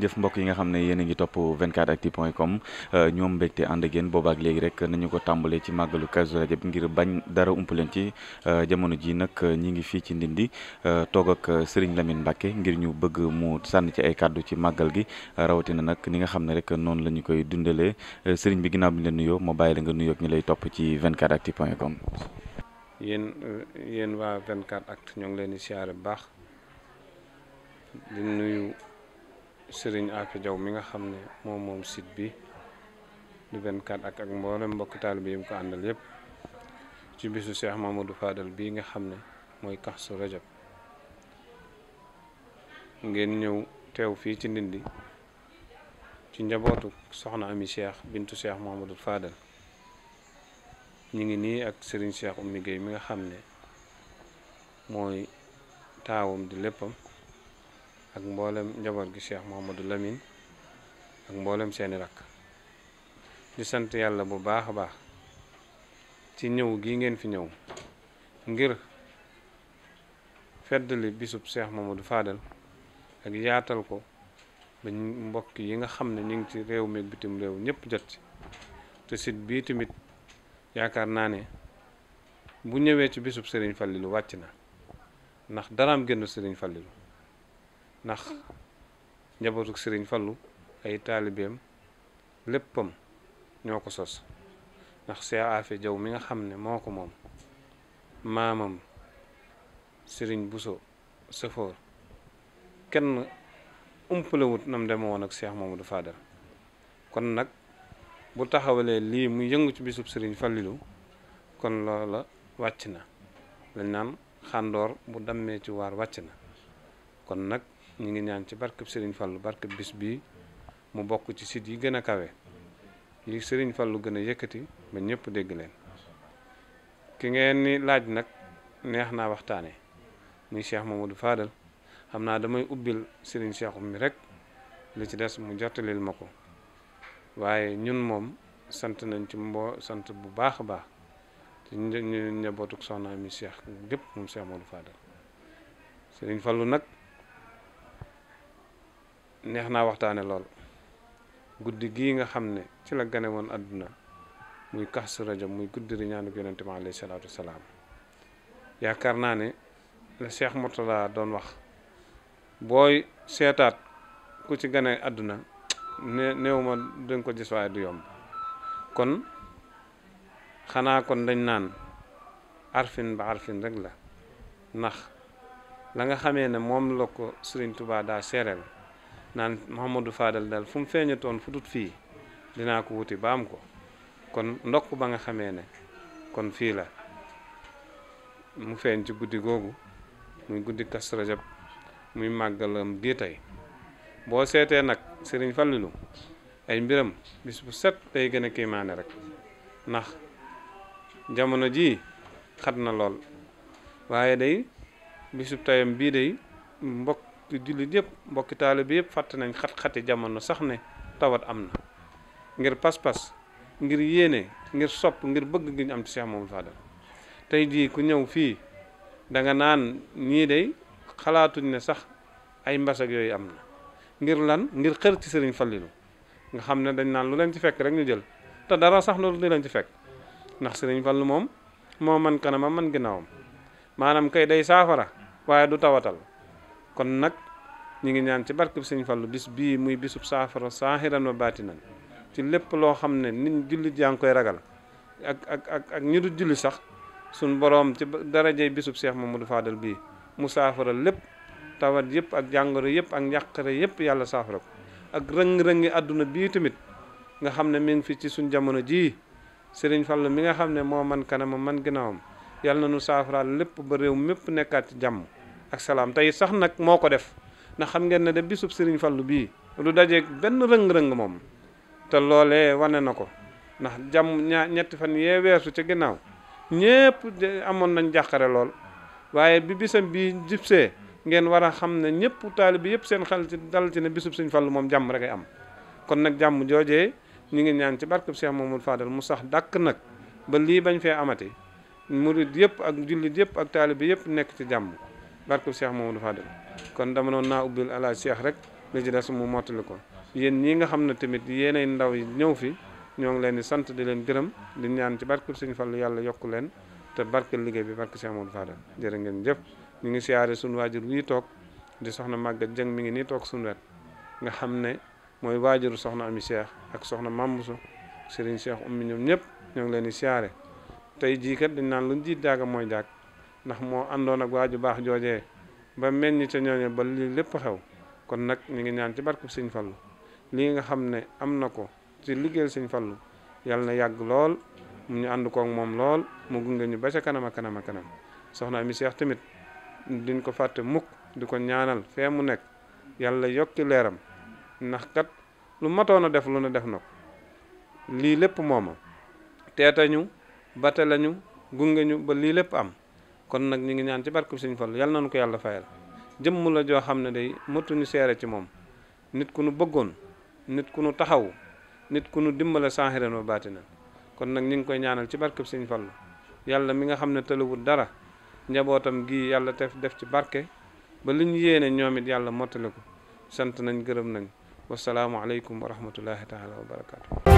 jëf mbokk yi nga xam ne yéen a ngi topp 24actu point com euh, ñoom mbégte ànd ak boobaak léegi rek nañu ko tàmbalee ci màggalu Kazu Rajab ngir bañ dara ump leen ci euh, jamono ji nag ñi ngi fii ci Ndindi euh, toog ak Serigne Lamine ngir ñu bëgg mu sànni ci ay kàddu ci màggal gi rawatina nag ni nga xam ne rek noonu la ñu koy dundalee Serigne bi ginnaaw bi ñu leen nuyoo ma bàyyi la nga nuyoog ñi lay topp ci 24actu point com. yéen ñoo ngi leen di siyaare bu baax sëriñ Afe Jaw mi nga xam ne moom moom site bi du 24 ak ak mboolem mbokk taalibe yi mu ko àndal yépp ci bisu Cheikh Mamadou Fadal bii nga xam ne mooy Kazu Rajab ngeen ñëw teew fii ci Ndindi ci njabootu soxna ami bintu Cheikh Mamadou Fadal ñu ngi nii ak sëriñ Cheikh Oumy mi nga xam ne mooy taawam di léppam ak mboolem njaboot gi Cheikh Mouhamadou Lamine ak mboolem seeni rakk di sant yàlla bu baax a baax ci ñëw gi ngeen fi ñëw ngir feddali bisub Cheikh Mouhamadou faadal ak yaatal ko ba mbokk yi nga xam ne ñu ngi ci réew mi ak bitim réew ñëpp jot ci te sit bii tamit yaakaar naa ne bu ñëwee ci bisub Serigne Fallilou wàcc na ndax daraam génn Serigne Fallilou ndax njabootuk sëriñ Fallu ay taalibeem léppam ñoo ko sos ndax Cheikh Jaw mi nga xam ne moo ko moom maamam sëriñ Buso Sëfoor kenn umpalewut nam deme seex ak Cheikh Mamadou Fadal kon nag bu taxawalee lii mu yëngu ci bisub sëriñ Fallilu kon loola wàcc na lañ naan xàndoor bu dammee ci waar wàcc na kon nag ñu ngi ñaan ci barkeb Serigne Fallou barkeb bis bi mu bokk ci site yi gën a kawe yi Serigne Fallou gën a yëkkati ba ñëpp dégg leen ki ngeen ni laaj nag neex naa waxtaanee muy Cheikh du faadal xam naa damay ubbil Serigne Cheikh mi rek li ci des mu jottalil ma ko waaye ñun moom sant nañ ci mboo sant bu baax a baax ci njabootuk soxna mi Cheikh gépp moom Cheikh du Fadal Serigne Fallou nag. neex naa waxtaane lool guddi gii nga xam ne ci la gane woon àdduna muy kaxsu rajo muy guddi di ñaanuk yonente mi alayhi salaatu wasalaam yaakaar naa ne la Cheikh Mourtada doon wax booy seetaat ku ci gane àdduna ne néew ma dañ ko gis waaye du yomb kon xanaa kon dañ naan arfin ba arfin rek la ndax la nga xamee ne moom la ko Sëriñ tubaa daa seereel naan Mouhamadou Fadel daal fu mu feeñatoon fu tut fii dinaa ko wuti ba am ko kon ndokk ba nga xamee ne kon fii la mu feeñ ci guddi googu muy guddi Kazu Rajab muy màggalam gii tey boo seetee nag Sëriñ Fallilu ay mbiram bis bu set ay gën a kiimaane rek ndax jamono jii xat na lool waaye day bisub tayam bii day mbokk mbokki jullit yëpp mbokki taalibe bi yëpp fàtte nañ xat-xati jamono sax ne tawat am na ngir pas-pas ngir yéene ngir sopp ngir bëgg gi ñu am ci Cheikh Mamadou Fadal tey jii ku ñëw fii danga naan ñii day xalaatuñ ne sax ay mbasak yooyu am na ngir lan ngir xër ci sëriñ Fallilu nga xam ne dañ naan lu leen ci fekk rek ñu jël te dara sax loolu di leen ci fekk ndax sëriñ Fallu moom moo man kanamam man ginnaawam maanaam kay day saafara waaye du tawatal kon nag ñu ngi ñaan ci barkeb sëñ Fallu bis bii muy bisub saafara saahiran baati baatinan ci lépp loo xam ne nit ñi jullit yaa ngi koy ragal ak ak ak ak du julli sax suñ boroom ci darajey bisub Seex Mamadu Faadal bii mu saafara lépp tawat yëpp ak jàngoro yëpp ak njàqare yëpp yàlla saafara ko ak rëng-rëngi àdduna bii tamit nga xam ne mi ngi fi ci suñ jamono jii sëriñ Fallu mi nga xam ne moo man kanamam man ginnaawam yàlla na nu saafaraal lépp ba réew mépp nekkaat ci jàmm ak salaam tey sax nag moo ko def ndax xam ngeen ne de bisub Serigne fallu bii lu dajeeg benn rëng-rëng moom te loolee wane na ko ndax jàmm ñaa ñetti fan yee weesu ca ginnaaw ñépp amoon nañ jàqare lool waaye bi bisam bii jibsee ngeen war a xam ne ñëpp taalibe yëpp seen xel ci dal ci ne bisub Serigne Fallou moom jàmm rek am kon nag jàmm joojee ñu ngi ñaan ci barkeb Cheikh Mamadou Fadal mu sax dàkk nag ba lii bañ fee amati murid yëpp ak jullit yëpp ak taalibe yëpp nekk ci jàmm moom Cheikh Mamadou dem kon dama noon naa ubbil alaaj Cheikh rek li ci des mu mottali ko yéen ñi nga xam ne tamit yéenay ndaw yi ñëw fi ñoo ngi leen di sant di leen gërëm di ñaan ci barkub Sëñ Fallu yàlla yokku leen te barkeel liggéey bi barke Cheikh Mamadou Fadel jërë ngeen jëf ñu ngi siyaare suñu waajur wii toog di soxna Maguette Dieng mi ngi nii toog suñu wet nga xam ne mooy waajuru soxna Ami ak soxna Mamouso Serigne Cheikh Oumy ñoom ñëpp ñoo ngi leen di siyaare tey jii kat dañ naan lu jiit jaaga mooy jaag ndax moo àndoon ak waaju baax joojee ba meññ ca ñooñe ba lii lépp xew kon nag ñu ngi ñaan ci barkub sëñ fallu lii nga xam ne am na ko ci liggéeyal sëñ fallu yàlla na yàgg lool mu ñu ànd kook moom lool mu gunge ñu ba ca kanam a kanam a kanam soxna Ami Seex tamit duñ ko fàtte mukk di ko ñaanal fee mu nekk yàlla yokki leeram ndax kat lu matoon a def lu ne def na ko lii lépp mooma teetañu ñu bate lañu gunge ñu ba lii lépp am kon nag ñu ngi ñaan ci barkeb Sëñ Fallu yàlla nañu ko yàlla fayal jëmm la joo xam ne day matuñu seere ci moom nit ku nu bëggoon nit ku nu taxaw nit ku nu dimbale saahiran wa baatinan kon nag ñi ngi koy ñaanal ci barkeb Sëñ Fallu yàlla mi nga xam ne tëlawul dara njabootam gi yàlla tef def ci barke ba li ñu yéene ñoom it yàlla mottali ko sant nañ gërëm nañ wasalaamualeykum wa rahmatullahi taala wa barakaatu.